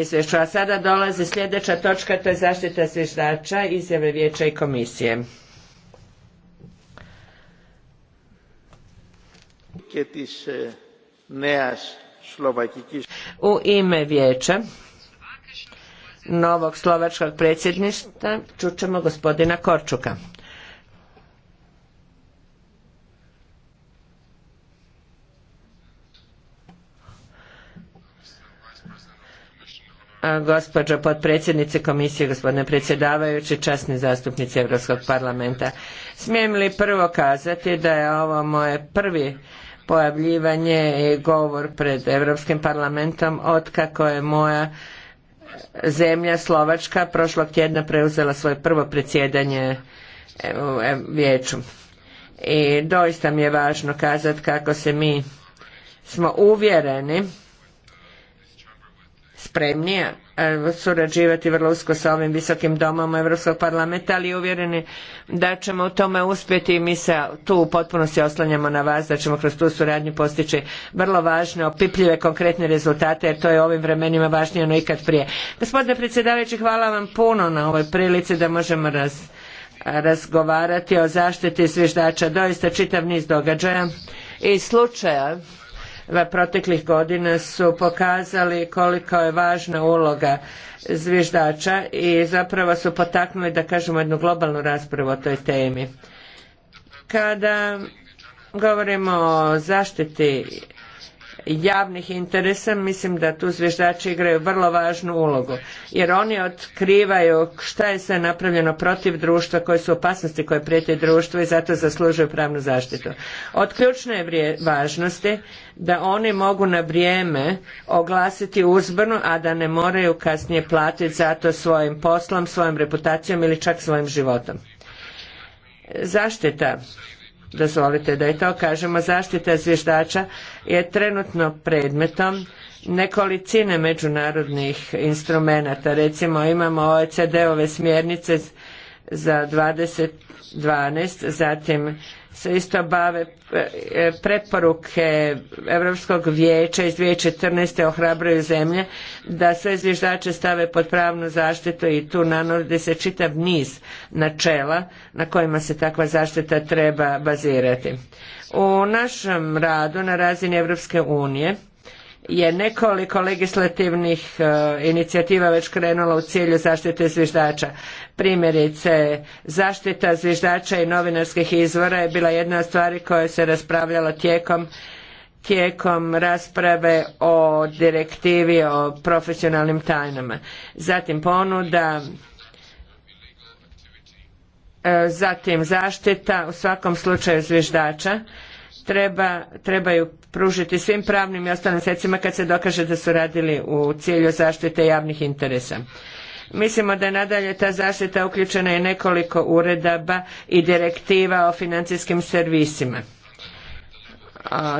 izvješću. A sada dolazi sljedeća točka, to je zaštita zviždača, izjave vijeća i komisije. U ime vijeća novog slovačkog predsjedništva čućemo gospodina Korčuka. gospođo potpredsjednice komisije, gospodine predsjedavajući, časni zastupnici Europskog parlamenta. Smijem li prvo kazati da je ovo moje prvi pojavljivanje i govor pred Europskim parlamentom otkako je moja zemlja Slovačka prošlog tjedna preuzela svoje prvo predsjedanje e, e, vijeću. I doista mi je važno kazati kako se mi smo uvjereni spremnija e, surađivati vrlo usko sa ovim visokim domom Europskog parlamenta, ali uvjereni da ćemo u tome uspjeti i mi se tu u potpunosti oslanjamo na vas, da ćemo kroz tu suradnju postići vrlo važne, opipljive, konkretne rezultate, jer to je u ovim vremenima važnije no ikad prije. Gospodine predsjedavajući, hvala vam puno na ovoj prilici da možemo razgovarati o zaštiti zviždača. Doista čitav niz događaja i slučaja proteklih godina su pokazali koliko je važna uloga zviždača i zapravo su potaknuli da kažemo jednu globalnu raspravu o toj temi. Kada govorimo o zaštiti javnih interesa, mislim da tu zviždači igraju vrlo važnu ulogu, jer oni otkrivaju šta je sve napravljeno protiv društva, koje su opasnosti koje prijete društvu i zato zaslužuju pravnu zaštitu. Od ključne je važnosti da oni mogu na vrijeme oglasiti uzbrnu, a da ne moraju kasnije platiti za to svojim poslom, svojom reputacijom ili čak svojim životom. Zaštita dozvolite da i to kažemo, zaštita zviždača je trenutno predmetom nekolicine međunarodnih instrumenata. Recimo imamo OECD-ove smjernice za 2012, zatim se isto bave e, e, preporuke Europskog vijeća iz 2014. ohrabruju zemlje da sve zviždače stave pod pravnu zaštitu i tu nanodi se čitav niz načela na kojima se takva zaštita treba bazirati. U našem radu na razini Europske unije je nekoliko legislativnih e, inicijativa već krenulo u cilju zaštite zviždača. Primjerice, zaštita zviždača i novinarskih izvora je bila jedna od stvari koja se raspravljala tijekom tijekom rasprave o direktivi o profesionalnim tajnama. Zatim ponuda, e, zatim zaštita u svakom slučaju zviždača treba, trebaju pružiti svim pravnim i ostalim sredstvima kad se dokaže da su radili u cilju zaštite javnih interesa. Mislimo da je nadalje ta zaštita uključena i nekoliko uredaba i direktiva o financijskim servisima.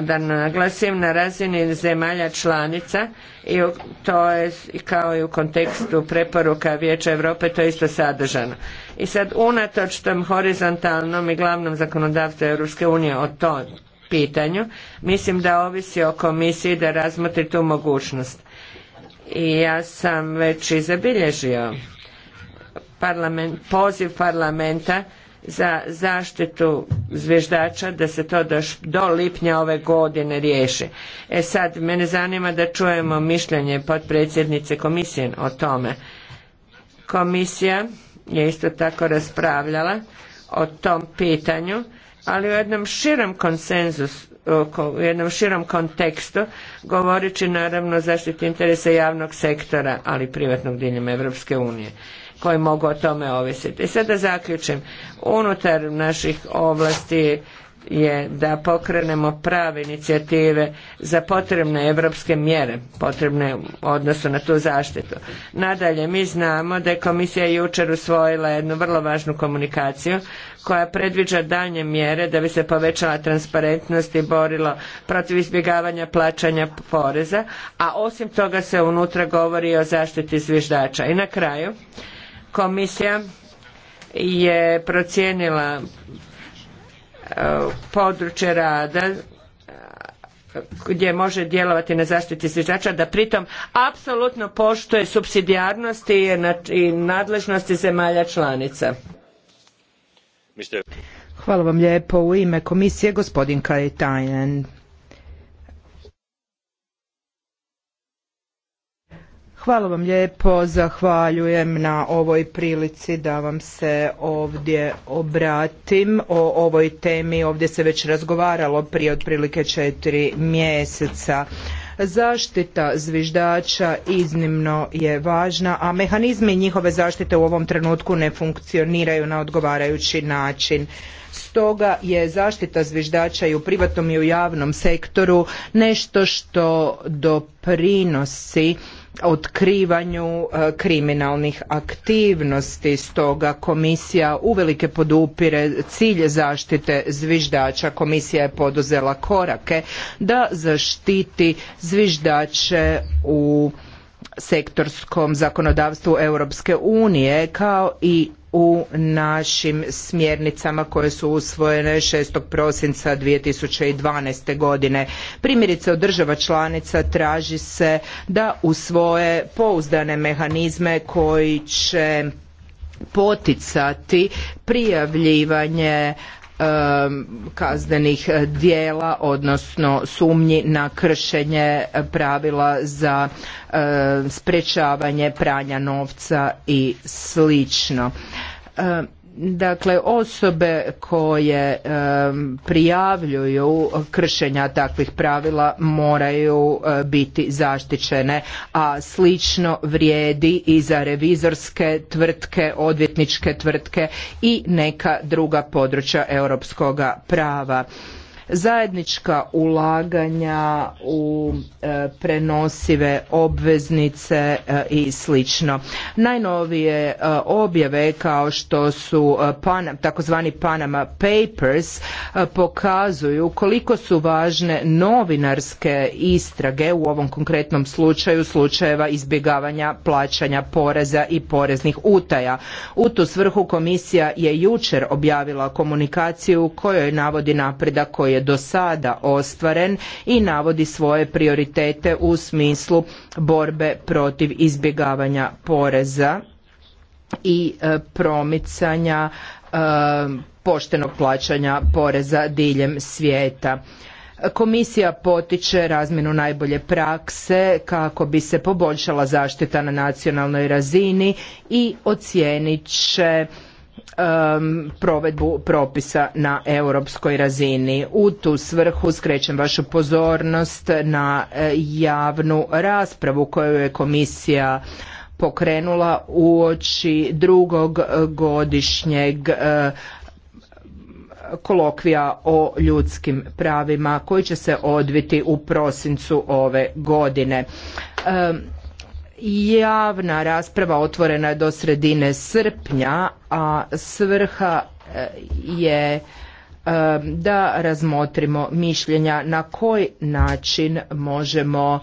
Da naglasim na razini zemalja članica i to je kao i u kontekstu preporuka Vijeća Europe to je isto sadržano. I sad unatoč tom horizontalnom i glavnom zakonodavstvu Europske unije o tom pitanju, mislim da ovisi o komisiji da razmotri tu mogućnost i ja sam već i zabilježio poziv parlamenta za zaštitu zviždača da se to do lipnja ove godine riješi. E sad, mene zanima da čujemo mišljenje potpredsjednice komisije o tome. Komisija je isto tako raspravljala o tom pitanju, ali u jednom širom konsenzusu u jednom širom kontekstu, govoreći naravno o zaštiti interesa javnog sektora, ali privatnog diljem Europske unije koji mogu o tome ovisiti. I sada zaključim, unutar naših ovlasti je da pokrenemo prave inicijative za potrebne europske mjere, potrebne u odnosu na tu zaštitu. Nadalje, mi znamo da je komisija jučer usvojila jednu vrlo važnu komunikaciju koja predviđa danje mjere da bi se povećala transparentnost i borilo protiv izbjegavanja plaćanja poreza, a osim toga se unutra govori o zaštiti zviždača. I na kraju, komisija je procijenila područje rada gdje može djelovati na zaštiti zviždača da pritom apsolutno poštuje supsidijarnost i nadležnosti zemalja članica. Hvala vam lijepo. U ime komisije gospodin Hvala vam lijepo, zahvaljujem na ovoj prilici da vam se ovdje obratim o ovoj temi. Ovdje se već razgovaralo prije otprilike četiri mjeseca. Zaštita zviždača iznimno je važna, a mehanizmi njihove zaštite u ovom trenutku ne funkcioniraju na odgovarajući način. Stoga je zaštita zviždača i u privatnom i u javnom sektoru nešto što doprinosi otkrivanju e, kriminalnih aktivnosti. Stoga komisija uvelike podupire cilje zaštite zviždača. Komisija je poduzela korake da zaštiti zviždače u sektorskom zakonodavstvu Europske unije kao i u našim smjernicama koje su usvojene 6. prosinca 2012. godine. Primjerice od država članica traži se da usvoje pouzdane mehanizme koji će poticati prijavljivanje Um, kaznenih dijela odnosno sumnji na kršenje pravila za um, sprečavanje pranja novca i slično um, Dakle, osobe koje prijavljuju kršenja takvih pravila moraju e, biti zaštićene, a slično vrijedi i za revizorske tvrtke, odvjetničke tvrtke i neka druga područja europskoga prava zajednička ulaganja u e, prenosive obveznice e, i slično. Najnovije e, objave kao što su takozvani Panama Papers pokazuju koliko su važne novinarske istrage u ovom konkretnom slučaju slučajeva izbjegavanja plaćanja poreza i poreznih utaja. U tu svrhu komisija je jučer objavila komunikaciju kojoj navodi napredak koji do sada ostvaren i navodi svoje prioritete u smislu borbe protiv izbjegavanja poreza i e, promicanja e, poštenog plaćanja poreza diljem svijeta. Komisija potiče razmjenu najbolje prakse kako bi se poboljšala zaštita na nacionalnoj razini i ocijenit će Um, provedbu propisa na europskoj razini. U tu svrhu skrećem vašu pozornost na eh, javnu raspravu koju je komisija pokrenula uoči drugog godišnjeg eh, kolokvija o ljudskim pravima koji će se odviti u prosincu ove godine. Eh, javna rasprava otvorena je do sredine srpnja, a svrha e, je e, da razmotrimo mišljenja na koji način možemo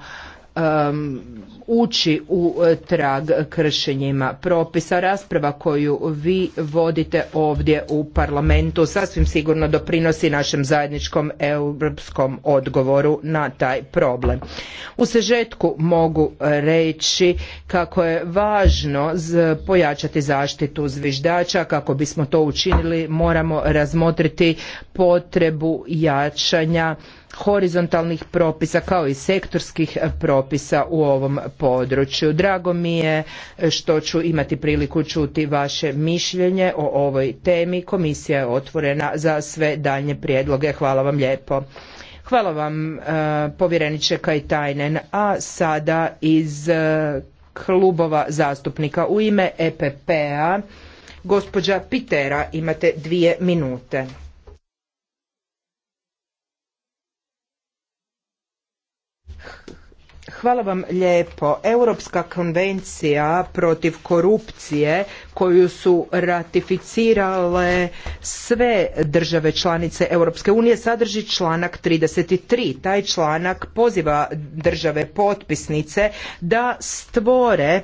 um, ući u e, trag kršenjima propisa. Rasprava koju vi vodite ovdje u parlamentu sasvim sigurno doprinosi našem zajedničkom europskom odgovoru na taj problem. U sežetku mogu reći kako je važno pojačati zaštitu zviždača. Kako bismo to učinili moramo razmotriti potrebu jačanja horizontalnih propisa kao i sektorskih propisa u ovom području. Drago mi je što ću imati priliku čuti vaše mišljenje o ovoj temi. Komisija je otvorena za sve daljnje prijedloge. Hvala vam lijepo. Hvala vam e, povjereniče Kajtajnen, a sada iz e, klubova zastupnika u ime EPP-a gospođa Pitera imate dvije minute. Hvala vam lijepo. Europska konvencija protiv korupcije koju su ratificirale sve države članice Europske unije sadrži članak 33. Taj članak poziva države potpisnice da stvore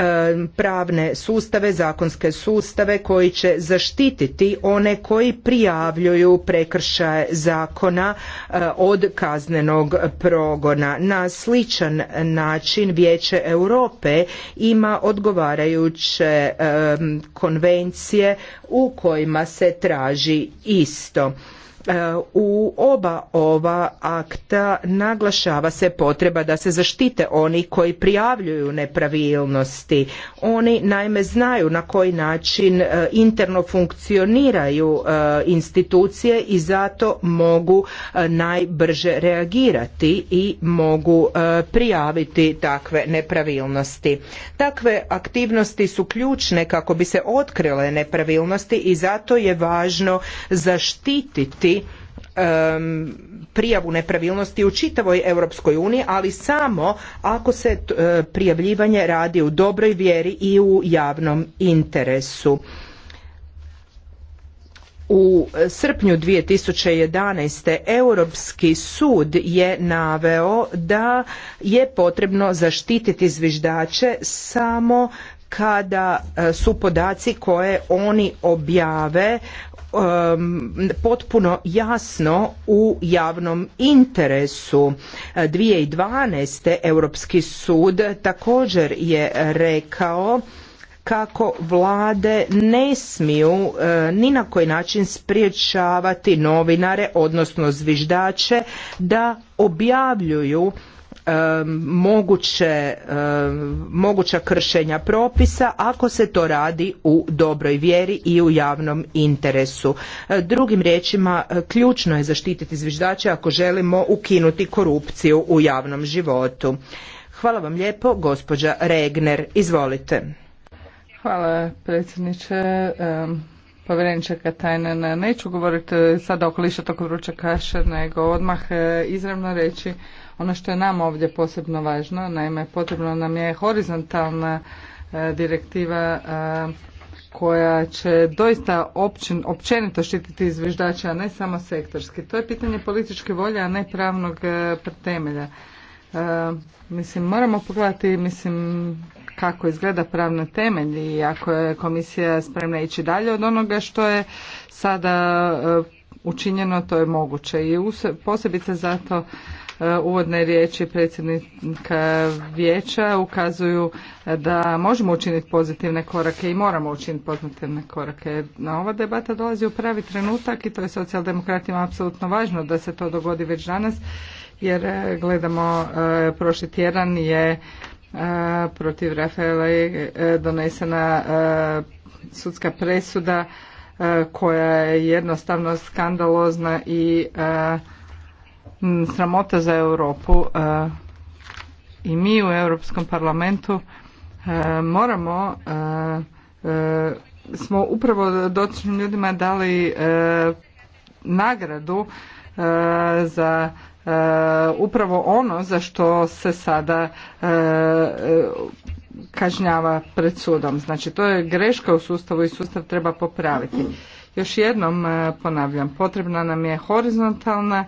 Um, pravne sustave, zakonske sustave koji će zaštititi one koji prijavljuju prekršaje zakona uh, od kaznenog progona. Na sličan način Vijeće Europe ima odgovarajuće um, konvencije u kojima se traži isto. E, u oba ova akta naglašava se potreba da se zaštite oni koji prijavljuju nepravilnosti. Oni naime znaju na koji način e, interno funkcioniraju e, institucije i zato mogu najbrže reagirati i mogu prijaviti takve nepravilnosti. Takve aktivnosti su ključne kako bi se otkrile nepravilnosti i zato je važno zaštititi prijavu nepravilnosti u čitavoj Europskoj uniji, ali samo ako se e, prijavljivanje radi u dobroj vjeri i u javnom interesu. U srpnju 2011. Europski sud je naveo da je potrebno zaštititi zviždače samo kada e, su podaci koje oni objave Um, potpuno jasno u javnom interesu. 2012. E, Europski sud također je rekao kako vlade ne smiju e, ni na koji način spriječavati novinare odnosno zviždače da objavljuju moguće, moguća kršenja propisa ako se to radi u dobroj vjeri i u javnom interesu. E, drugim riječima, e, ključno je zaštititi zviždače ako želimo ukinuti korupciju u javnom životu. Hvala vam lijepo, gospođa Regner. Izvolite. Hvala predsjedniče. Povjereniče Katajnana, neću govoriti sada okoliša toko vruća kaše, nego odmah e, izravno reći ono što je nam ovdje posebno važno, naime potrebno nam je horizontalna e, direktiva e, koja će doista općenito štititi zviždača, a ne samo sektorski. To je pitanje političke volje, a ne pravnog e, temelja. mislim, moramo pogledati mislim, kako izgleda pravni temelj i ako je komisija spremna ići dalje od onoga što je sada učinjeno, to je moguće. I posebice zato E, uvodne riječi predsjednika vijeća ukazuju e, da možemo učiniti pozitivne korake i moramo učiniti pozitivne korake. Na ova debata dolazi u pravi trenutak i to je socijaldemokratima apsolutno važno da se to dogodi već danas jer e, gledamo prošli tjedan je protiv Rafaela donesena sudska presuda koja je jednostavno skandalozna i Mm, sramota za Europu e, i mi u Europskom parlamentu e, moramo e, smo upravo dotičnim ljudima dali nagradu za upravo ono za što se sada kažnjava pred sudom. Znači to je greška u sustavu i sustav treba popraviti. Još jednom ponavljam, potrebna nam je horizontalna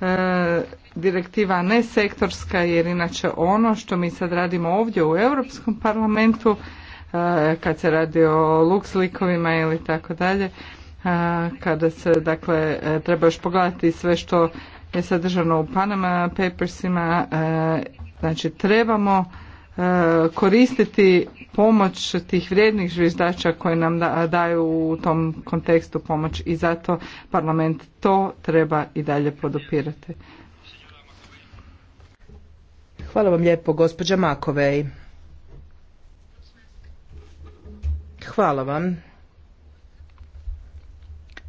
E, direktiva ne sektorska jer inače ono što mi sad radimo ovdje u Europskom parlamentu e, kad se radi o lux likovima ili tako dalje e, kada se dakle treba još pogledati sve što je sadržano u Panama Papersima znači trebamo koristiti pomoć tih vrijednih žviždača koji nam daju u tom kontekstu pomoć i zato parlament to treba i dalje podupirati. Hvala vam lijepo, gospođa Makovej. Hvala vam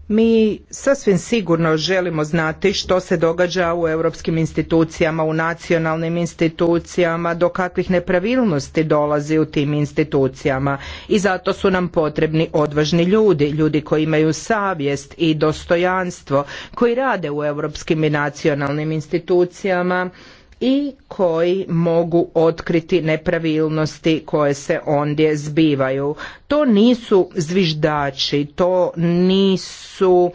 mi sasvim sigurno želimo znati što se događa u europskim institucijama, u nacionalnim institucijama, do kakvih nepravilnosti dolazi u tim institucijama i zato su nam potrebni odvažni ljudi, ljudi koji imaju savjest i dostojanstvo, koji rade u europskim i nacionalnim institucijama i koji mogu otkriti nepravilnosti koje se ondje zbivaju. To nisu zviždači, to nisu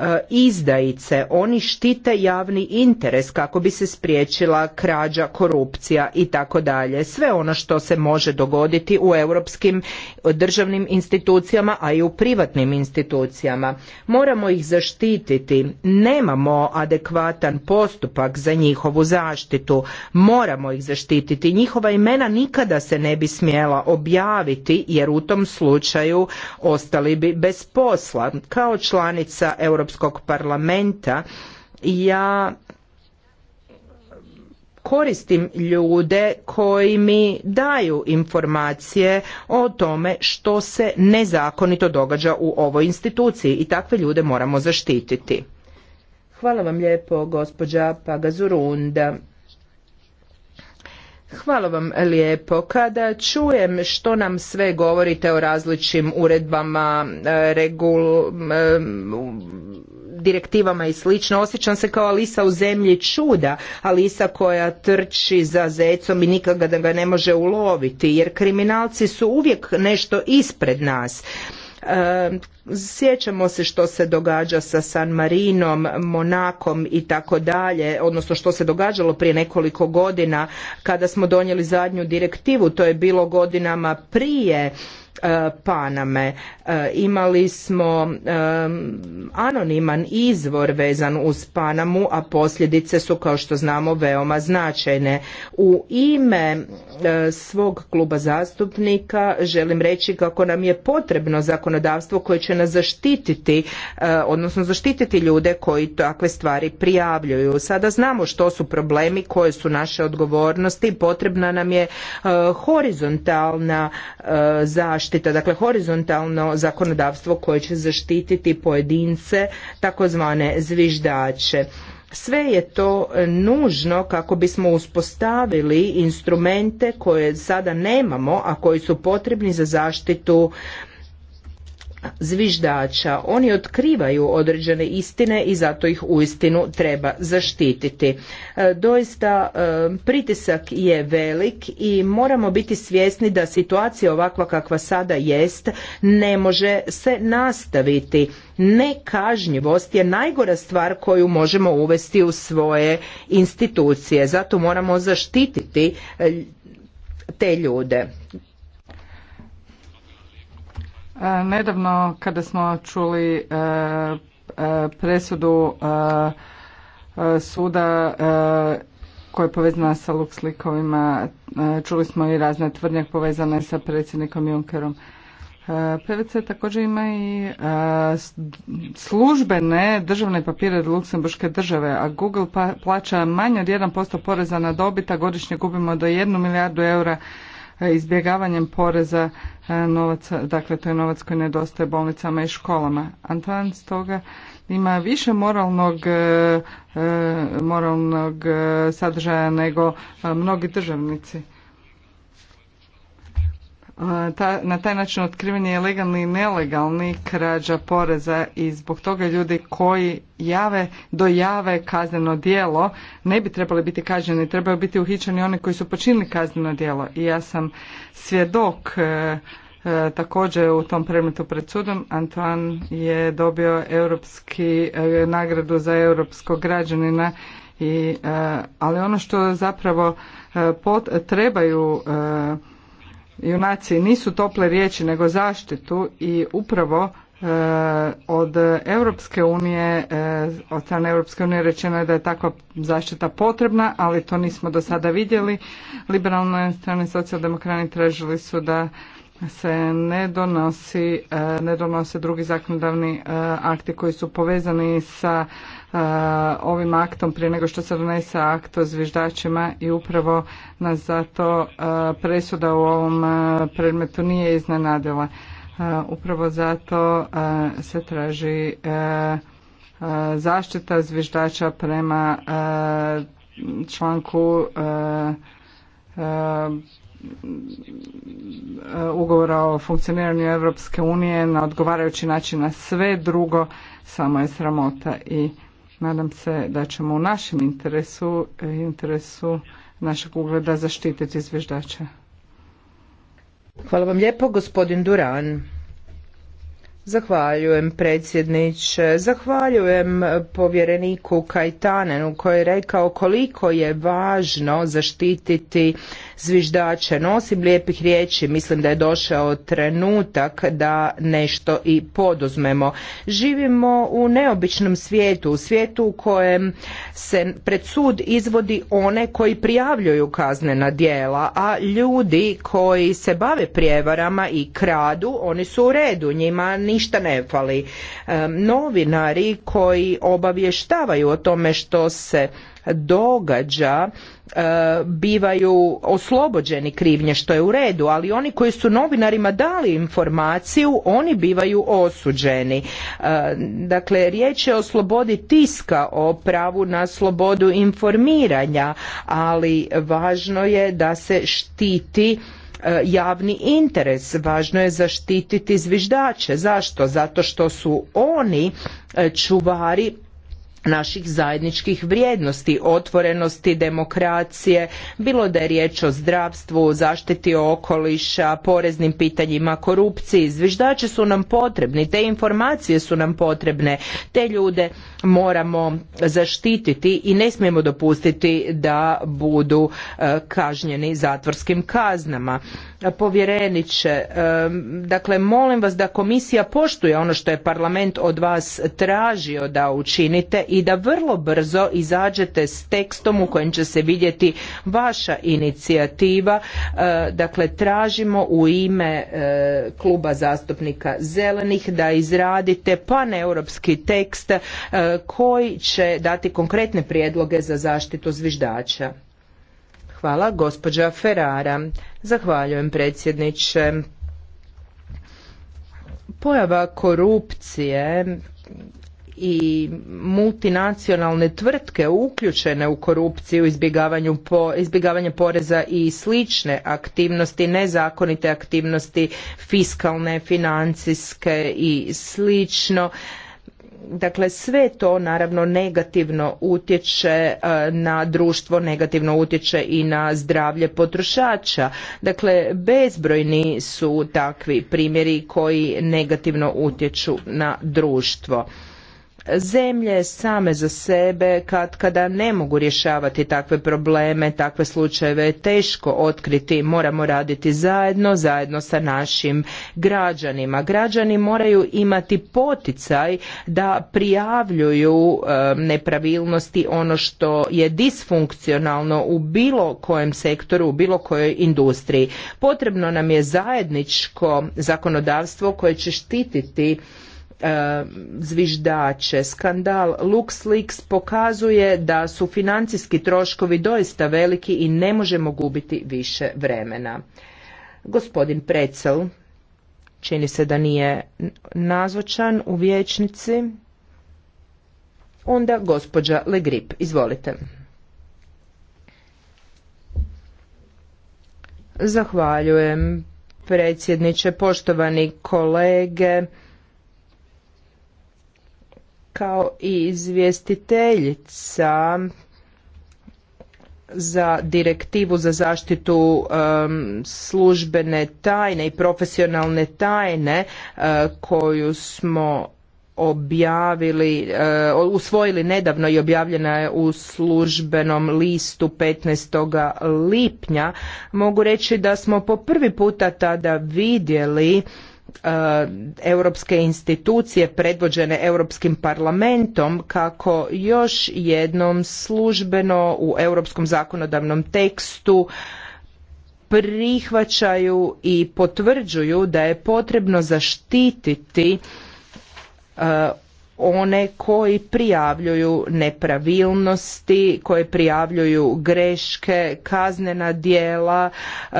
E, izdajice, oni štite javni interes kako bi se spriječila krađa, korupcija i tako dalje. Sve ono što se može dogoditi u europskim državnim institucijama, a i u privatnim institucijama. Moramo ih zaštititi. Nemamo adekvatan postupak za njihovu zaštitu. Moramo ih zaštititi. Njihova imena nikada se ne bi smjela objaviti jer u tom slučaju ostali bi bez posla. Kao članica Europske Europskog parlamenta ja koristim ljude koji mi daju informacije o tome što se nezakonito događa u ovoj instituciji i takve ljude moramo zaštititi. Hvala vam lijepo gospođa Pagazurunda. Hvala vam lijepo. Kada čujem što nam sve govorite o različitim uredbama, e, regul, direktivama i slično, osjećam se kao Alisa u zemlji čuda, Alisa koja trči za zecom i nikada ga ne može uloviti, jer kriminalci su uvijek nešto ispred nas. E, sjećamo se što se događa sa San Marinom, Monakom i tako dalje, odnosno što se događalo prije nekoliko godina kada smo donijeli zadnju direktivu, to je bilo godinama prije E, Paname. E, imali smo e, anoniman izvor vezan uz Panamu, a posljedice su kao što znamo veoma značajne. U ime svog kluba zastupnika želim reći kako nam je potrebno zakonodavstvo koje će nas zaštititi, odnosno zaštititi ljude koji takve stvari prijavljuju. Sada znamo što su problemi, koje su naše odgovornosti, potrebna nam je horizontalna zaštita zaštita, dakle horizontalno zakonodavstvo koje će zaštititi pojedince, takozvane zviždače. Sve je to nužno kako bismo uspostavili instrumente koje sada nemamo, a koji su potrebni za zaštitu zviždača. Oni otkrivaju određene istine i zato ih u istinu treba zaštititi. E, doista e, pritisak je velik i moramo biti svjesni da situacija ovakva kakva sada jest ne može se nastaviti. Nekažnjivost je najgora stvar koju možemo uvesti u svoje institucije. Zato moramo zaštititi e, te ljude. E, nedavno kada smo čuli e, e, presudu suda koja je povezana sa slikovima čuli smo i razne tvrdnje povezane sa predsjednikom Junckerom. PVC također ima i službene državne papire od Luksemburške države, a Google pa, plaća manje od 1% poreza na dobit, a godišnje gubimo do 1 milijardu eura E, izbjegavanjem poreza e, novaca. dakle to je novac koji nedostaje bolnicama i školama. Antan stoga ima više moralnog, e, moralnog sadržaja nego mnogi državnici ta, na taj način otkrivanje je legalni i nelegalni krađa poreza i zbog toga ljudi koji jave, dojave kazneno djelo ne bi trebali biti kažnjeni, trebaju biti uhićeni oni koji su počinili kazneno djelo. I ja sam svjedok e, e, također u tom predmetu pred sudom. Antoine je dobio europski e, nagradu za europskog građanina i ali ono što zapravo pot, trebaju junaci nisu tople riječi nego zaštitu i upravo e, od Europske unije, e, od strane Europske unije rečeno je da je takva zaštita potrebna, ali to nismo do sada vidjeli. Liberalne strane socijaldemokrani tražili su da se ne donosi, e, ne donose drugi zakonodavni akti koji su povezani sa ovim aktom prije nego što se donese akt o zviždačima i upravo nas zato presuda u ovom predmetu nije iznenadila. Upravo zato se traži zaštita zviždača prema članku ugovora o funkcioniranju Europske unije na odgovarajući način na sve drugo samo je sramota i Nadam se da ćemo u našem interesu, e, interesu našeg ugleda zaštititi zviždača. Hvala vam lijepo, gospodin Duran. Zahvaljujem predsjedniče, zahvaljujem povjereniku Kajtanenu koji je rekao koliko je važno zaštititi zviždače. nosim lijepih riječi, mislim da je došao trenutak da nešto i poduzmemo. Živimo u neobičnom svijetu, u svijetu u kojem se pred sud izvodi one koji prijavljuju kaznena djela, a ljudi koji se bave prijevarama i kradu, oni su u redu, njima ništa ne fali. Novinari koji obavještavaju o tome što se događa e, bivaju oslobođeni krivnje što je u redu ali oni koji su novinarima dali informaciju oni bivaju osuđeni e, dakle riječ je o slobodi tiska o pravu na slobodu informiranja ali važno je da se štiti e, javni interes važno je zaštititi zviždače zašto zato što su oni čuvari naših zajedničkih vrijednosti, otvorenosti, demokracije, bilo da je riječ o zdravstvu, zaštiti okoliša, poreznim pitanjima, korupciji. Zviždači su nam potrebni, te informacije su nam potrebne, te ljude moramo zaštititi i ne smijemo dopustiti da budu e, kažnjeni zatvorskim kaznama. Povjereniče, e, dakle molim vas da komisija poštuje ono što je parlament od vas tražio da učinite i da vrlo brzo izađete s tekstom u kojem će se vidjeti vaša inicijativa. E, dakle, tražimo u ime e, kluba zastupnika zelenih da izradite paneuropski tekst e, koji će dati konkretne prijedloge za zaštitu zviždača. Hvala, gospođa Ferrara. Zahvaljujem, predsjedniče. Pojava korupcije i multinacionalne tvrtke uključene u korupciju, izbjegavanju po, izbjegavanje poreza i slične aktivnosti, nezakonite aktivnosti, fiskalne, financijske i slično. Dakle, sve to naravno negativno utječe e, na društvo, negativno utječe i na zdravlje potrošača. Dakle, bezbrojni su takvi primjeri koji negativno utječu na društvo zemlje same za sebe kad kada ne mogu rješavati takve probleme, takve slučajeve je teško otkriti, moramo raditi zajedno, zajedno sa našim građanima. Građani moraju imati poticaj da prijavljuju e, nepravilnosti ono što je disfunkcionalno u bilo kojem sektoru, u bilo kojoj industriji. Potrebno nam je zajedničko zakonodavstvo koje će štititi E, zviždače. Skandal LuxLeaks pokazuje da su financijski troškovi doista veliki i ne možemo gubiti više vremena. Gospodin Precel, čini se da nije nazočan u vječnici. Onda gospođa Legrip, izvolite. Zahvaljujem predsjedniče, poštovani kolege kao i izvjestiteljica za direktivu za zaštitu um, službene tajne i profesionalne tajne uh, koju smo objavili, uh, usvojili nedavno i objavljena je u službenom listu 15. lipnja. Mogu reći da smo po prvi puta tada vidjeli E, europske institucije predvođene Europskim parlamentom kako još jednom službeno u europskom zakonodavnom tekstu prihvaćaju i potvrđuju da je potrebno zaštititi e, one koji prijavljuju nepravilnosti, koje prijavljuju greške, kaznena djela, e,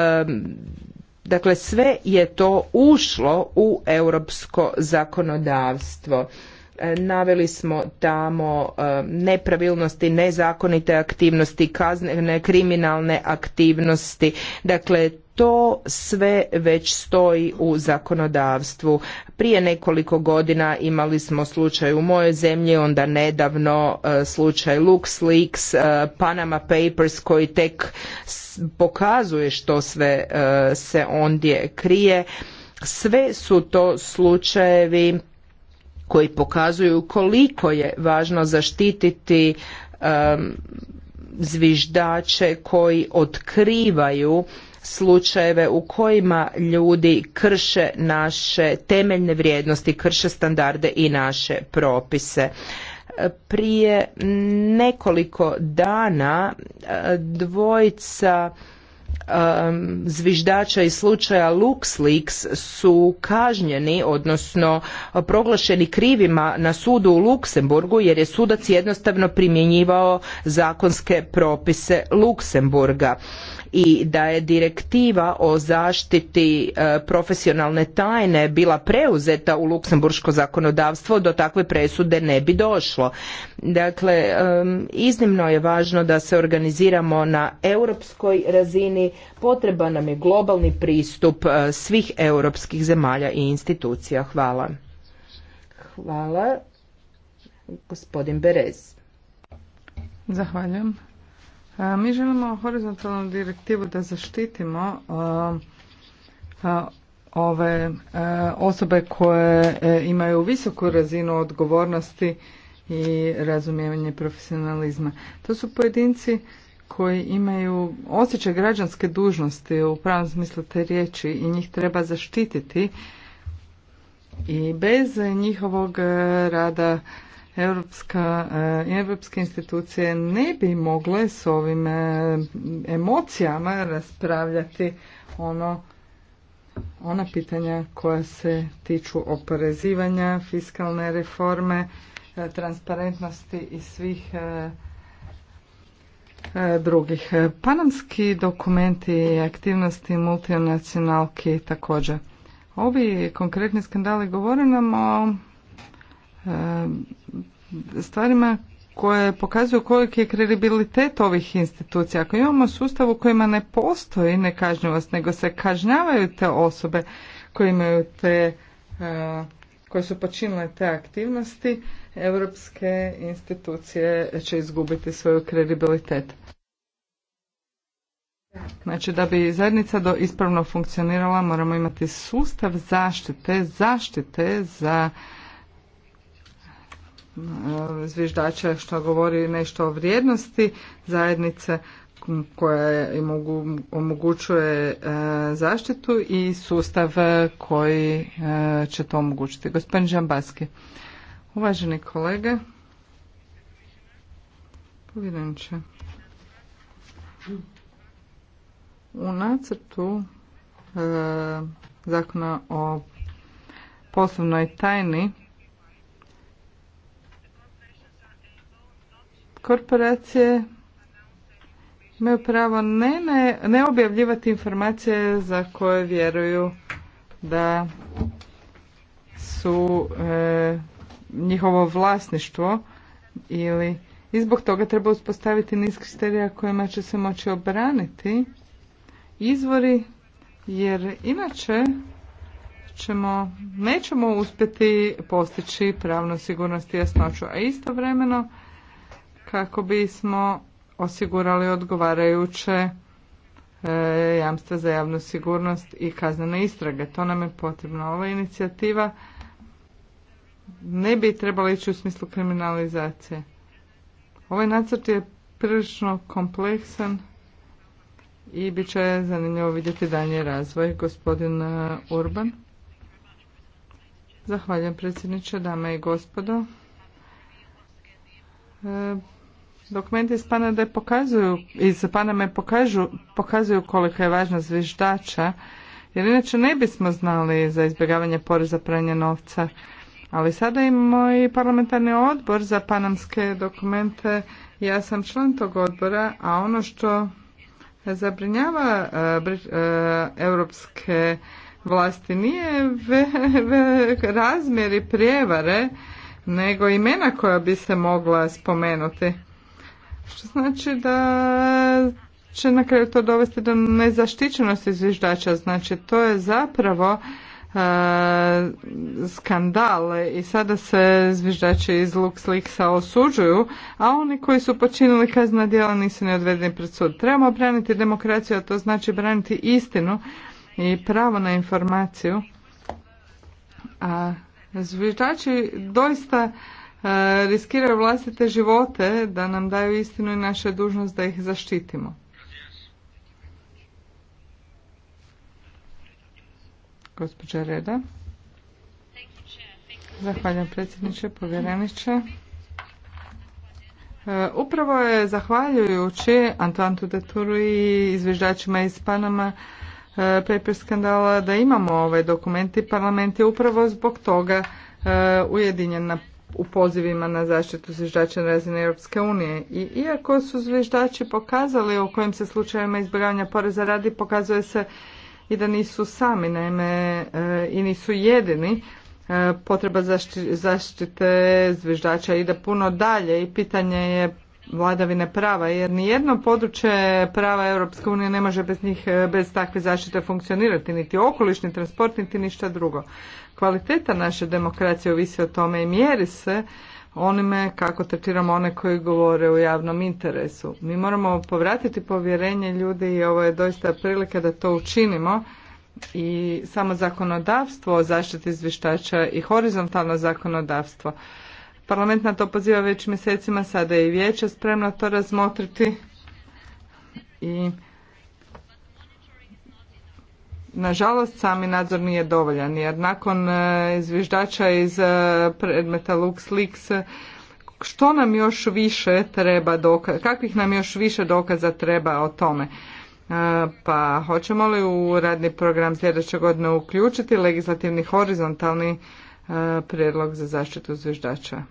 Dakle, sve je to ušlo u europsko zakonodavstvo e, naveli smo tamo e, nepravilnosti, nezakonite aktivnosti, kaznene kriminalne aktivnosti. Dakle, to sve već stoji u zakonodavstvu. Prije nekoliko godina imali smo slučaj u mojoj zemlji, onda nedavno e, slučaj LuxLeaks, e, Panama Papers koji tek pokazuje što sve e, se ondje krije. Sve su to slučajevi koji pokazuju koliko je važno zaštititi zviždače koji otkrivaju slučajeve u kojima ljudi krše naše temeljne vrijednosti, krše standarde i naše propise. Prije nekoliko dana e, dvojica zviždača iz slučaja LuxLeaks su kažnjeni, odnosno proglašeni krivima na sudu u Luksemburgu jer je sudac jednostavno primjenjivao zakonske propise Luksemburga i da je direktiva o zaštiti e, profesionalne tajne bila preuzeta u luksemburško zakonodavstvo do takve presude ne bi došlo. Dakle, iznimno je važno da se organiziramo na europskoj razini, potreban nam je globalni pristup e, svih europskih zemalja i institucija. Hvala. Hvala. Gospodin Berez. Zahvaljujem. Mi želimo horizontalnu direktivu da zaštitimo ove osobe koje e, imaju visoku razinu odgovornosti i razumijevanje profesionalizma. To su pojedinci koji imaju osjećaj građanske dužnosti u pravom smislu te riječi i njih treba zaštititi i bez njihovog e, rada Europska, europske institucije ne bi mogle s ovim e, emocijama raspravljati ono ona pitanja koja se tiču oporezivanja, fiskalne reforme, e, transparentnosti i svih e, drugih. Panamski dokumenti i aktivnosti multinacionalki također. Ovi konkretni skandali govore nam o stvarima koje pokazuju koliki je kredibilitet ovih institucija. Ako imamo sustav u kojima ne postoji nekažnjivost, nego se kažnjavaju te osobe koje imaju te e, koje su počinile te aktivnosti, europske institucije će izgubiti svoju kredibilitet. Znači da bi zajednica do ispravno funkcionirala moramo imati sustav zaštite, zaštite za E, zviždača što govori nešto o vrijednosti zajednice koja im omogućuje e, zaštitu i sustav e, koji će to omogućiti. Gospodin Žambaski. Uvaženi kolege, u nacrtu zakona o poslovnoj tajni korporacije imaju pravo ne, ne, ne objavljivati informacije za koje vjeruju da su e, njihovo vlasništvo ili i zbog toga treba uspostaviti niz kriterija kojima će se moći obraniti izvori jer inače ćemo, nećemo uspjeti postići pravnu sigurnost i jasnoću, a istovremeno kako bismo osigurali odgovarajuće e, jamstva za javnu sigurnost i kaznene istrage. To nam je potrebno. Ova inicijativa ne bi trebala ići u smislu kriminalizacije. Ovaj nacrt je prilično kompleksan i bit će zanimljivo vidjeti danje razvoj. Gospodin e, Urban. Zahvaljujem predsjedniče, dame i gospodo. E, Dokumenti iz Panade pokazuju, iz Paname pokažu, pokazuju kolika je važna zviždača, jer inače ne bismo znali za izbjegavanje poreza pranja novca. Ali sada imamo i parlamentarni odbor za panamske dokumente. Ja sam član tog odbora, a ono što zabrinjava e, e, europske vlasti nije ve, ve, razmjeri prijevare, nego imena koja bi se mogla spomenuti. Što znači da će na kraju to dovesti do nezaštićenosti zviždača. Znači to je zapravo skandale skandal i sada se zviždači iz LuxLeaksa osuđuju, a oni koji su počinili kazna djela nisu ne odvedeni pred sud. Trebamo braniti demokraciju, a to znači braniti istinu i pravo na informaciju. A zviždači doista E, riskiraju vlastite živote da nam daju istinu i naša dužnost da ih zaštitimo. Gospođa Reda. Zahvaljam predsjedniče, povjereniče. E, upravo je zahvaljujući Antoine Deturu i izviždačima iz Panama e, paper skandala da imamo ove ovaj dokumenti. Parlament je upravo zbog toga ujedinjen na u pozivima na zaštitu zviždača na razine Europske unije. I iako su zviždači pokazali o kojim se slučajevima izbjegavanja poreza radi, pokazuje se i da nisu sami, naime, e, i nisu jedini. E, potreba zaštite zviždača ide puno dalje i pitanje je vladavine prava, jer ni jedno područje prava Europske unije ne može bez njih, e, bez takve zaštite funkcionirati, niti okolišni transport, niti ništa drugo. Kvaliteta naše demokracije ovisi o tome i mjeri se onime kako tretiramo one koji govore u javnom interesu. Mi moramo povratiti povjerenje ljudi i ovo je doista prilika da to učinimo i samo zakonodavstvo o zaštiti zvištača i horizontalno zakonodavstvo Parlament na to poziva već mjesecima, sada je i vijeće spremno to razmotriti. I nažalost sami nadzor nije dovoljan jer nakon izviždača e, iz e, predmeta LuxLeaks što nam još više treba dokaza, kakvih nam još više dokaza treba o tome. E, pa hoćemo li u radni program sljedeće godine uključiti legislativni horizontalni prijedlog za zaštitu zviždača.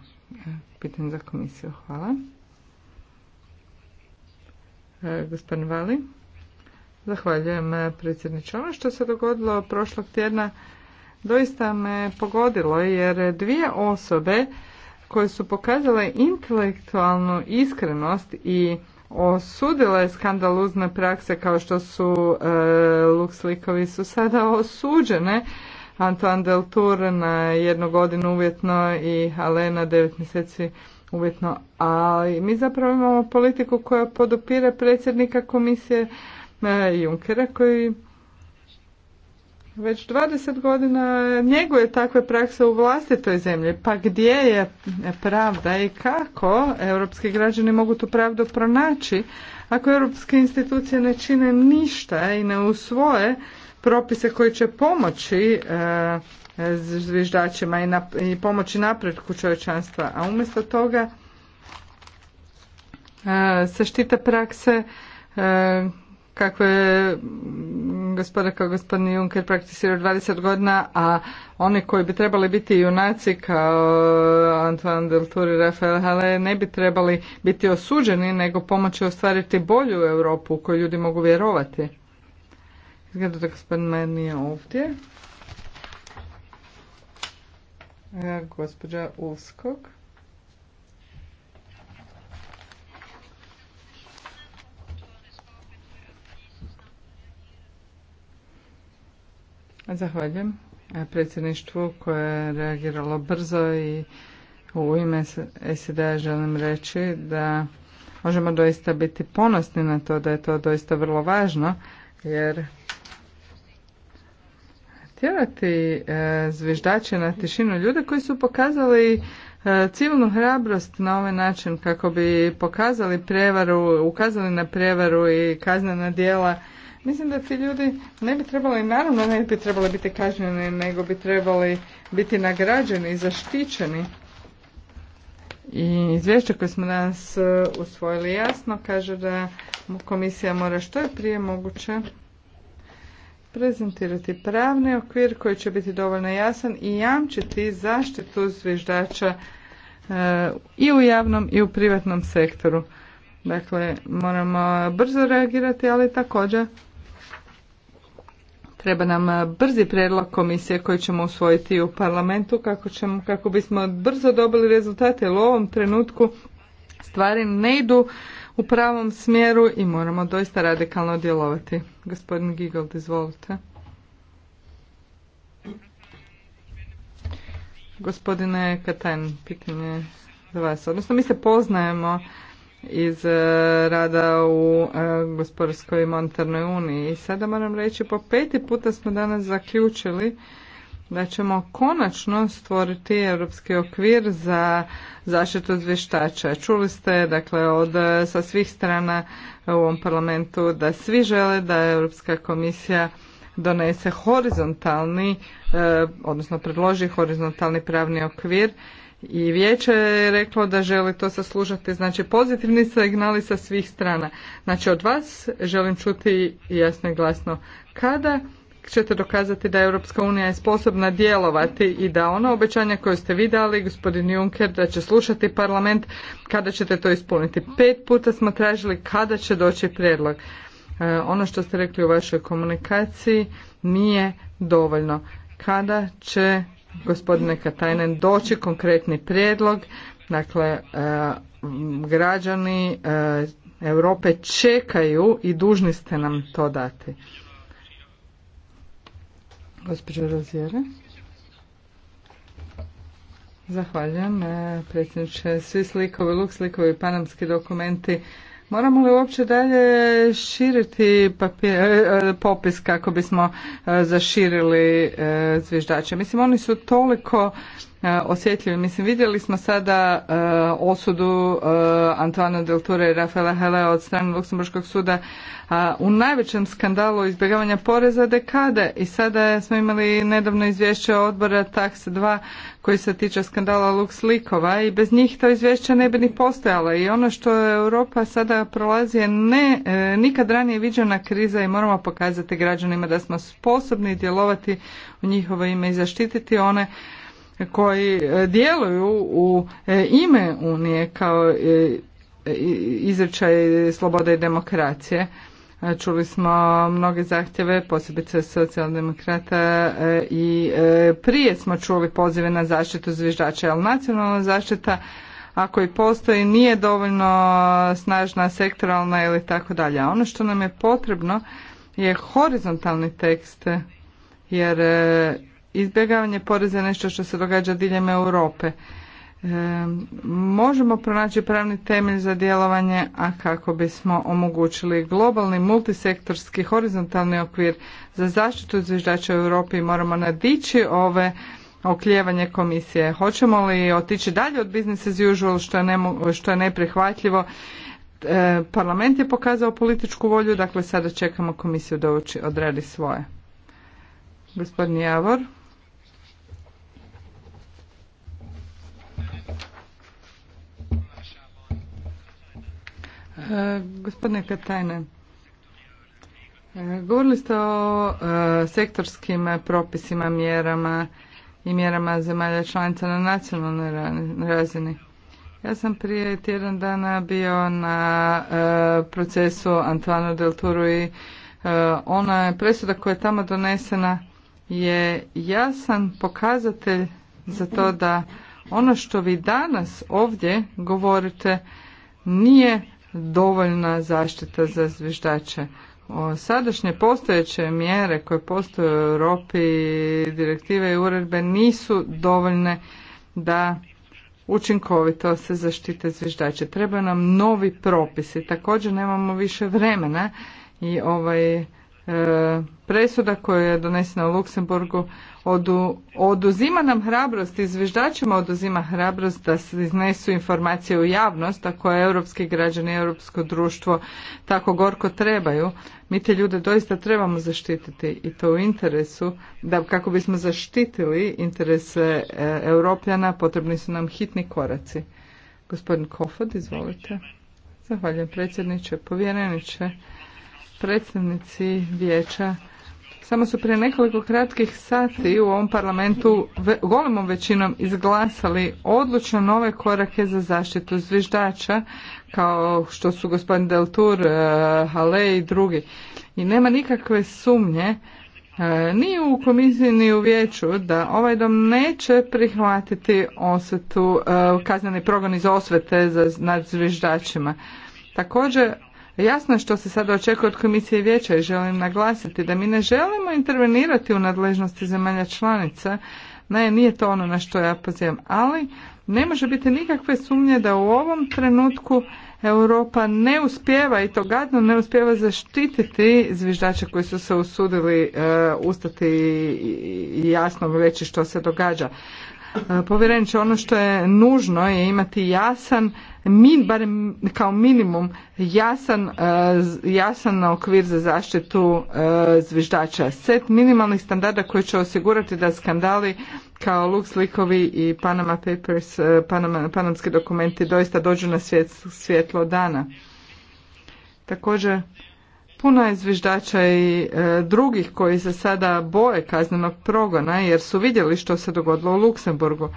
Pitanje za komisiju. Hvala. Gospodin Vali. Zahvaljujem predsjedniče. Ono što se dogodilo prošlog tjedna doista me pogodilo jer dvije osobe koje su pokazale intelektualnu iskrenost i osudile skandaluzne prakse kao što su e, lukslikovi su sada osuđene Antoine Deltour na jednu godinu uvjetno i Alena devet mjeseci uvjetno. Ali mi zapravo imamo politiku koja podupire predsjednika komisije e, Junkera koji već 20 godina njeguje takve prakse u vlastitoj zemlji. Pa gdje je pravda i kako europski građani mogu tu pravdu pronaći ako europske institucije ne čine ništa i ne usvoje propise koji će pomoći e, zviždačima i, pomoći napretku čovječanstva, a umjesto toga e, se štite prakse e, kako je gospoda kao gospodin Juncker prakticirao 20 godina, a oni koji bi trebali biti junaci kao Antoine Deltour i Rafael Hale ne bi trebali biti osuđeni, nego pomoći ostvariti bolju Europu u kojoj ljudi mogu vjerovati. Izgleda da gospodin Majer nije ovdje. Gospodja e, gospođa Uskog. Zahvaljujem e, predsjedništvu koje je reagiralo brzo i u ime SED-a želim reći da možemo doista biti ponosni na to da je to doista vrlo važno jer tjerati e, zviždače na tišinu ljude koji su pokazali e, civilnu hrabrost na ovaj način kako bi pokazali prevaru, ukazali na prevaru i kaznena djela. Mislim da ti ljudi ne bi trebali, naravno ne bi trebali biti kažnjeni, nego bi trebali biti nagrađeni i zaštićeni. I izvješće koje smo danas e, usvojili jasno kaže da komisija mora što je prije moguće prezentirati pravni okvir koji će biti dovoljno jasan i jamčiti zaštitu zviždača e, i u javnom i u privatnom sektoru. Dakle, moramo brzo reagirati, ali također treba nam brzi predlog komisije koji ćemo usvojiti u parlamentu kako, ćemo, kako bismo brzo dobili rezultate, jer u ovom trenutku stvari ne idu u pravom smjeru i moramo doista radikalno djelovati. Gospodin Gigold, izvolite. Gospodine Katan pitanje za vas. Odnosno, mi se poznajemo iz e, rada u e, Gospodarskoj i monetarnoj uniji. I sada moram reći, po peti puta smo danas zaključili da ćemo konačno stvoriti europski okvir za zaštitu zvištača. Čuli ste dakle od sa svih strana u ovom parlamentu da svi žele da Europska komisija donese horizontalni e, odnosno predloži horizontalni pravni okvir i vijeće je reklo da želi to saslušati, znači pozitivni signali sa svih strana. Znači od vas želim čuti jasno i glasno kada ćete dokazati da Europska unija je sposobna djelovati i da ono obećanje koje ste vi dali, gospodin Juncker, da će slušati parlament, kada ćete to ispuniti. Pet puta smo tražili kada će doći prijedlog. E, ono što ste rekli u vašoj komunikaciji nije dovoljno. Kada će, gospodine Katajnen, doći konkretni prijedlog, dakle, e, građani e, Europe čekaju i dužni ste nam to dati. Gospođo Rozijera. Zahvaljujem, e, predsjedniče. Svi slikovi, luk slikovi, panamski dokumenti. Moramo li uopće dalje širiti e, e, popis kako bismo zaširili zviždače? Mislim, oni su toliko E, osjetljivi. Mislim, vidjeli smo sada e, osudu e, Antoana Delture i Rafaela Helea od strane Luksemburškog suda a, u najvećem skandalu izbjegavanja poreza dekade i sada smo imali nedavno izvješće odbora Tax 2 koji se tiče skandala likova i bez njih to izvješće ne bi ni postojalo i ono što Europa sada prolazi je ne, e, nikad ranije viđena kriza i moramo pokazati građanima da smo sposobni djelovati u njihovo ime i zaštititi one koji e, djeluju u e, ime Unije kao e, izrečaj slobode i demokracije. Čuli smo mnoge zahtjeve, posebice socijaldemokrata i prije smo čuli pozive na zaštitu zviždača, ali nacionalna zaštita ako i postoji nije dovoljno snažna, sektoralna ili tako dalje. Ono što nam je potrebno je horizontalni tekst jer izbjegavanje poreza je nešto što se događa diljem Europe. E, možemo pronaći pravni temelj za djelovanje, a kako bismo omogućili globalni multisektorski horizontalni okvir za zaštitu zviždača u Europi moramo nadići ove okljevanje komisije. Hoćemo li otići dalje od business as usual što je, što je neprihvatljivo? E, parlament je pokazao političku volju, dakle sada čekamo komisiju da odradi svoje. Gospodin Javor. Gospodine Katajne, e, govorili ste o e, sektorskim propisima, mjerama i mjerama zemalja članica na nacionalnoj razini. Ja sam prije tjedan dana bio na e, procesu Antoine Delturu i ona presuda koja je tamo donesena je jasan pokazatelj za to da ono što vi danas ovdje govorite nije dovoljna zaštita za zviždače. sadašnje postojeće mjere koje postoje u Europi, direktive i uredbe nisu dovoljne da učinkovito se zaštite zviždače. Treba nam novi propisi. Također nemamo više vremena i ovaj e, presuda koja je donesena u Luksemburgu Odu, oduzima nam hrabrost i zviždačima oduzima hrabrost da se iznesu informacije u javnost, a koje europski građani, europsko društvo tako gorko trebaju. Mi te ljude doista trebamo zaštititi i to u interesu, da kako bismo zaštitili interese e, europljana potrebni su nam hitni koraci. Gospodin Kofod, izvolite. Zahvaljujem predsjedniče, povjereniče, predstavnici vijeća. Samo su prije nekoliko kratkih sati u ovom parlamentu golemom većinom izglasali odlučno nove korake za zaštitu zviždača kao što su gospodin Deltur, eh, Hale i drugi. I nema nikakve sumnje eh, ni u komisiji ni u vijeću da ovaj dom neće prihvatiti osvetu, eh, kazneni progon iz osvete za, nad zviždačima. Također Jasno je što se sada očekuje od komisije vijeća i želim naglasiti da mi ne želimo intervenirati u nadležnosti zemalja članica. Ne, nije to ono na što ja pozivam, ali ne može biti nikakve sumnje da u ovom trenutku Europa ne uspjeva i to gadno ne uspjeva zaštititi zviždače koji su se usudili e, ustati i jasno reći što se događa. E, povjereniče, ono što je nužno je imati jasan, min, barem kao minimum, jasan, e, jasan okvir za zaštitu e, zviždača. Set minimalnih standarda koji će osigurati da skandali kao Lux Likovi i Panama Papers, Panama, panamski dokumenti doista dođu na svjetlo dana. Također, Puno je zviždača i e, drugih koji se sada boje kaznenog progona jer su vidjeli što se dogodilo u Luksemburgu.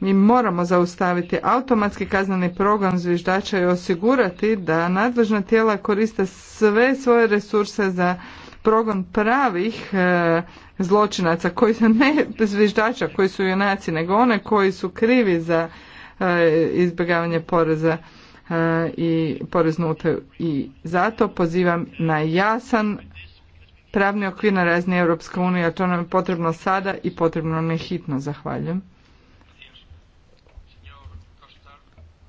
Mi moramo zaustaviti automatski kazneni progon zviždača i osigurati da nadležna tijela koriste sve svoje resurse za progon pravih e, zločinaca koji su ne zviždača koji su junaci nego one koji su krivi za e, izbjegavanje poreza E, i poreznu I zato pozivam na jasan pravni okvir na razni Europske unije, a to nam je potrebno sada i potrebno nam je hitno. Zahvaljujem.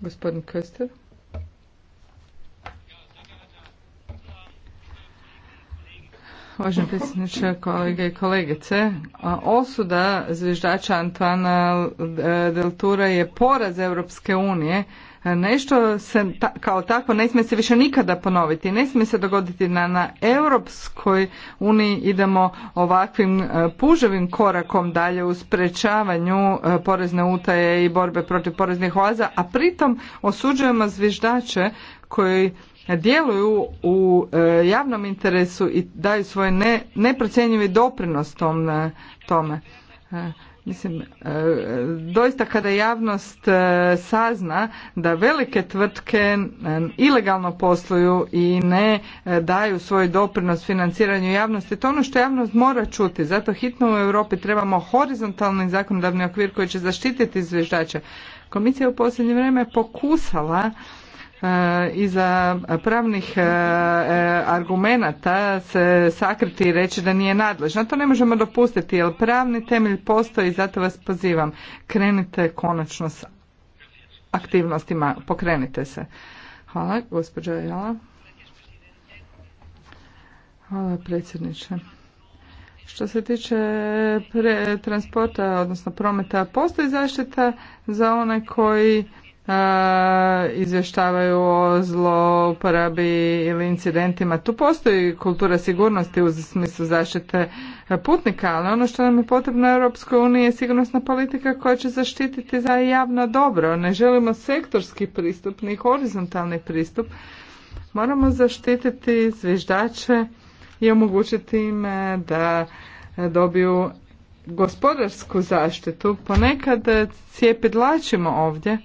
Gospodin Köster. Uvaženi predsjedniče, kolege i kolegice, osuda zviždača Antoana e, Deltura je poraz Europske unije Nešto se kao tako ne smije se više nikada ponoviti. Ne smije se dogoditi na, na Europskoj uniji idemo ovakvim e, puževim korakom dalje u sprečavanju e, porezne utaje i borbe protiv poreznih oaza, a pritom osuđujemo zviždače koji djeluju u e, javnom interesu i daju svoj ne, neprocjenjivi doprinos tom, e, tome. Mislim, e, doista kada javnost e, sazna da velike tvrtke e, ilegalno posluju i ne daju svoj doprinos financiranju javnosti, to je ono što javnost mora čuti. Zato hitno u Europi trebamo horizontalni zakonodavni okvir koji će zaštititi zviždače. Komisija u posljednje vrijeme pokusala iza pravnih e, e, argumenata se sakriti i reći da nije nadležna. To ne možemo dopustiti jer pravni temelj postoji i zato vas pozivam. Krenite konačno s aktivnostima, pokrenite se. Hvala, gospođa Hvala predsjedniče. Što se tiče transporta, odnosno prometa, postoji zaštita za one koji izvještavaju o zlouporabi ili incidentima. Tu postoji kultura sigurnosti u smislu zaštite putnika, ali ono što nam je potrebno u Europskoj uniji je sigurnosna politika koja će zaštititi za javno dobro. Ne želimo sektorski pristup ni horizontalni pristup. Moramo zaštititi zviždače i omogućiti im e, da e, dobiju gospodarsku zaštitu. Ponekad e, cijepidlačimo ovdje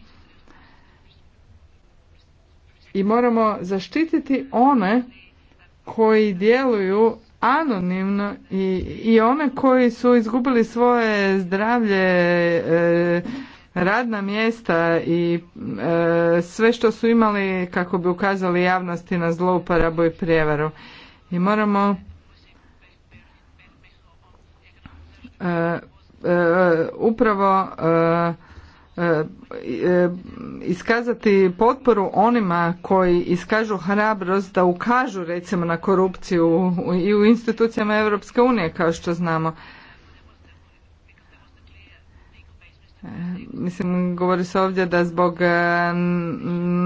i moramo zaštititi one koji djeluju anonimno i, i one koji su izgubili svoje zdravlje e, radna mjesta i e, sve što su imali kako bi ukazali javnosti na zlouporabu i prijevaru i moramo e, upravo E, e, iskazati potporu onima koji iskažu hrabrost da ukažu recimo na korupciju i u institucijama Europske unije kao što znamo. E, mislim, govori se ovdje da zbog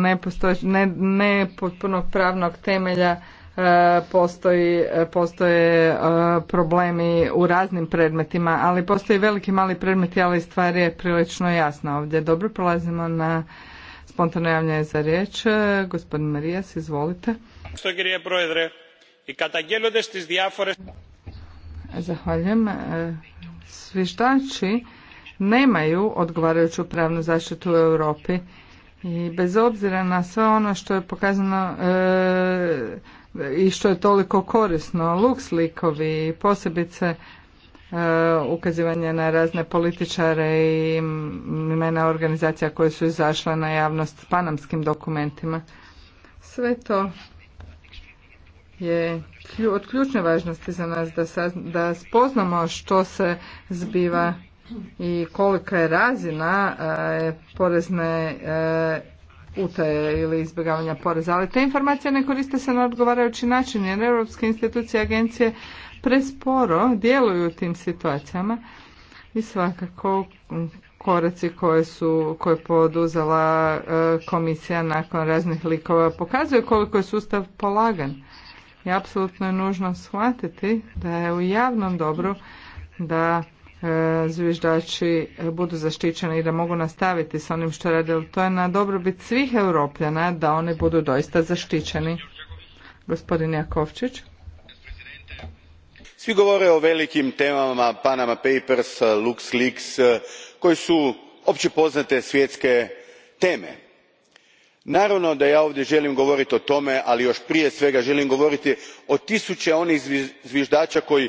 nepotpunog ne, ne pravnog temelja postoji, postoje e, problemi u raznim predmetima, ali postoji veliki mali predmeti, ali stvar je prilično jasna ovdje. Dobro, prolazimo na spontano javljanje za riječ. E, gospodin Marijas, izvolite. Zahvaljujem. Sviždači e, nemaju odgovarajuću pravnu zaštitu u Europi i bez obzira na sve ono što je pokazano i što je toliko korisno. lukslikovi likovi, posebice e, ukazivanje na razne političare i imena organizacija koje su izašle na javnost panamskim dokumentima. Sve to je od ključne važnosti za nas da, da spoznamo što se zbiva i kolika je razina e, porezne e, utaje ili izbjegavanja poreza, ali te informacije ne koriste se na odgovarajući način jer europske institucije i agencije presporo djeluju u tim situacijama i svakako koraci koje su koje poduzela e, komisija nakon raznih likova pokazuje koliko je sustav polagan. I apsolutno je nužno shvatiti da je u javnom dobru da E, zviždači budu zaštićeni i da mogu nastaviti s onim što rade. To je na dobrobit svih europljana da oni budu doista zaštićeni. Gospodin Jakovčić. Svi govore o velikim temama Panama Papers, LuxLeaks, koji su opće poznate svjetske teme. Naravno da ja ovdje želim govoriti o tome, ali još prije svega želim govoriti o tisuće onih zviždača koji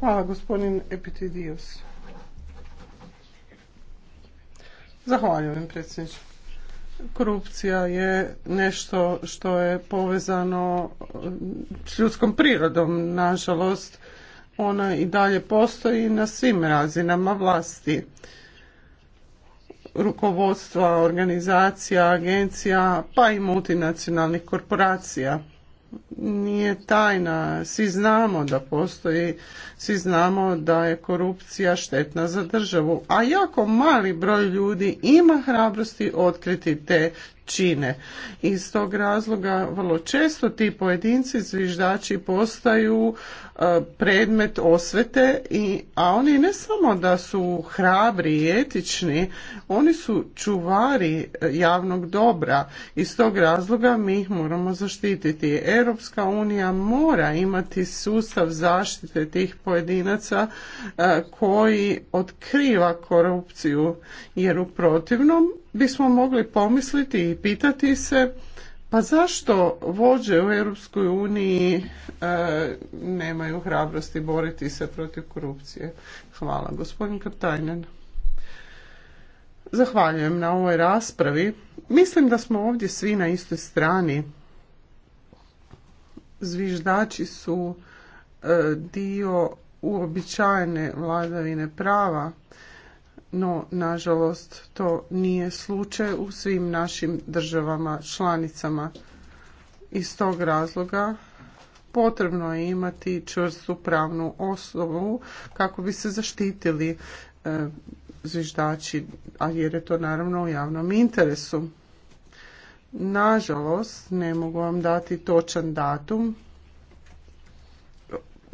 Hvala, gospodin Epitidios. Zahvaljujem, predsjedniče. Korupcija je nešto što je povezano eh, s ljudskom prirodom, nažalost. Ona i dalje postoji na svim razinama vlasti rukovodstva, organizacija, agencija, pa i multinacionalnih korporacija nije tajna. Svi znamo da postoji, svi znamo da je korupcija štetna za državu, a jako mali broj ljudi ima hrabrosti otkriti te čine. Iz tog razloga vrlo često ti pojedinci zviždači postaju e, predmet osvete, i, a oni ne samo da su hrabri i etični, oni su čuvari e, javnog dobra. Iz tog razloga mi ih moramo zaštititi. Europska unija mora imati sustav zaštite tih pojedinaca e, koji otkriva korupciju, jer u protivnom bismo mogli pomisliti i pitati se pa zašto vođe u Europskoj uniji e, nemaju hrabrosti boriti se protiv korupcije? Hvala. Gospodin Kaptajnen. Zahvaljujem na ovoj raspravi. Mislim da smo ovdje svi na istoj strani. Zviždači su e, dio uobičajene vladavine prava no nažalost to nije slučaj u svim našim državama članicama. Iz tog razloga potrebno je imati čvrstu pravnu osnovu kako bi se zaštitili e, zviždači, a jer je to naravno u javnom interesu. Nažalost, ne mogu vam dati točan datum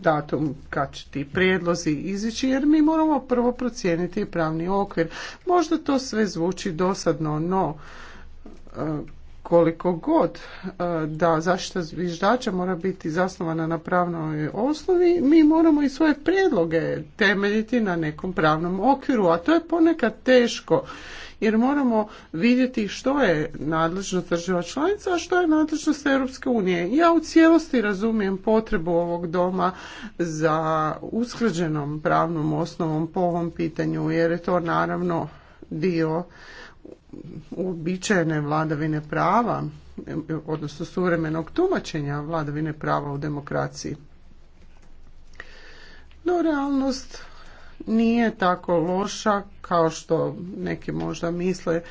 datum kad će ti prijedlozi izići jer mi moramo prvo procijeniti pravni okvir. Možda to sve zvuči dosadno, no e, koliko god e, da zaštita zviždača mora biti zasnovana na pravnoj osnovi, mi moramo i svoje prijedloge temeljiti na nekom pravnom okviru, a to je ponekad teško jer moramo vidjeti što je nadležnost država članica, a što je nadležnost Europske unije. Ja u cijelosti razumijem potrebu ovog doma za usklađenom pravnom osnovom po ovom pitanju, jer je to naravno dio uobičajene vladavine prava, odnosno suvremenog tumačenja vladavine prava u demokraciji. No, realnost nije tako loša kao što neki možda misle e,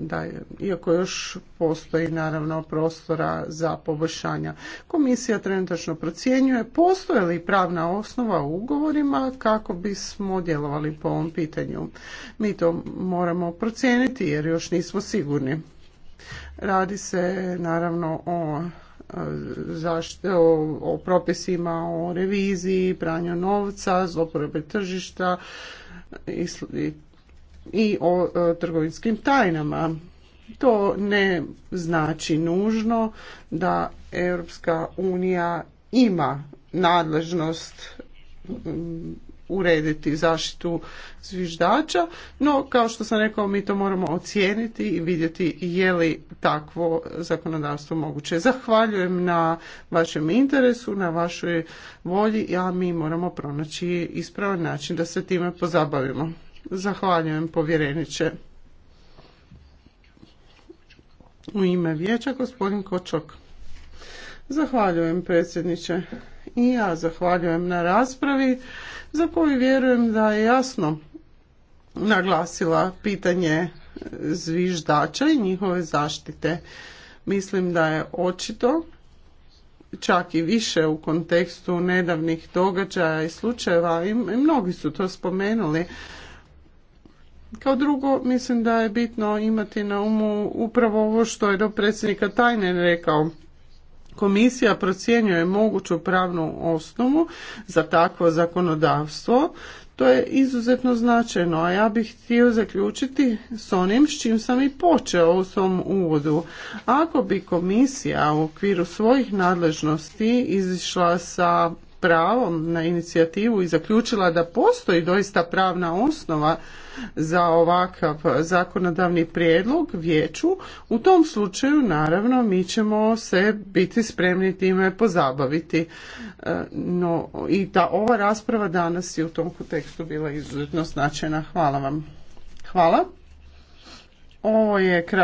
da je, iako još postoji naravno prostora za poboljšanja. Komisija trenutačno procjenjuje postoje li pravna osnova u ugovorima kako bismo djelovali po ovom pitanju. Mi to moramo procijeniti jer još nismo sigurni. Radi se naravno o zašto o, o propisima o reviziji, pranju novca, zloporabe tržišta i, i o, o e, trgovinskim tajnama. To ne znači nužno da Europska unija ima nadležnost urediti zaštitu zviždača, no kao što sam rekao mi to moramo ocijeniti i vidjeti je li takvo zakonodavstvo moguće. Zahvaljujem na vašem interesu, na vašoj volji, a mi moramo pronaći ispravan način da se time pozabavimo. Zahvaljujem povjereniče. U ime vijeća gospodin Kočok. Zahvaljujem predsjedniče i ja zahvaljujem na raspravi za koju vjerujem da je jasno naglasila pitanje zviždača i njihove zaštite. Mislim da je očito čak i više u kontekstu nedavnih događaja i slučajeva i mnogi su to spomenuli. Kao drugo, mislim da je bitno imati na umu upravo ovo što je do predsjednika Tajnen rekao. Komisija procjenjuje moguću pravnu osnovu za takvo zakonodavstvo. To je izuzetno značajno, a ja bih htio zaključiti s onim s čim sam i počeo u svom uvodu. Ako bi komisija u okviru svojih nadležnosti izišla sa pravom na inicijativu i zaključila da postoji doista pravna osnova za ovakav zakonodavni prijedlog vijeću, u tom slučaju naravno mi ćemo se biti spremni time pozabaviti. E, no i ta ova rasprava danas je u tom kontekstu bila izuzetno značajna. Hvala vam. Hvala. Ovo je kraj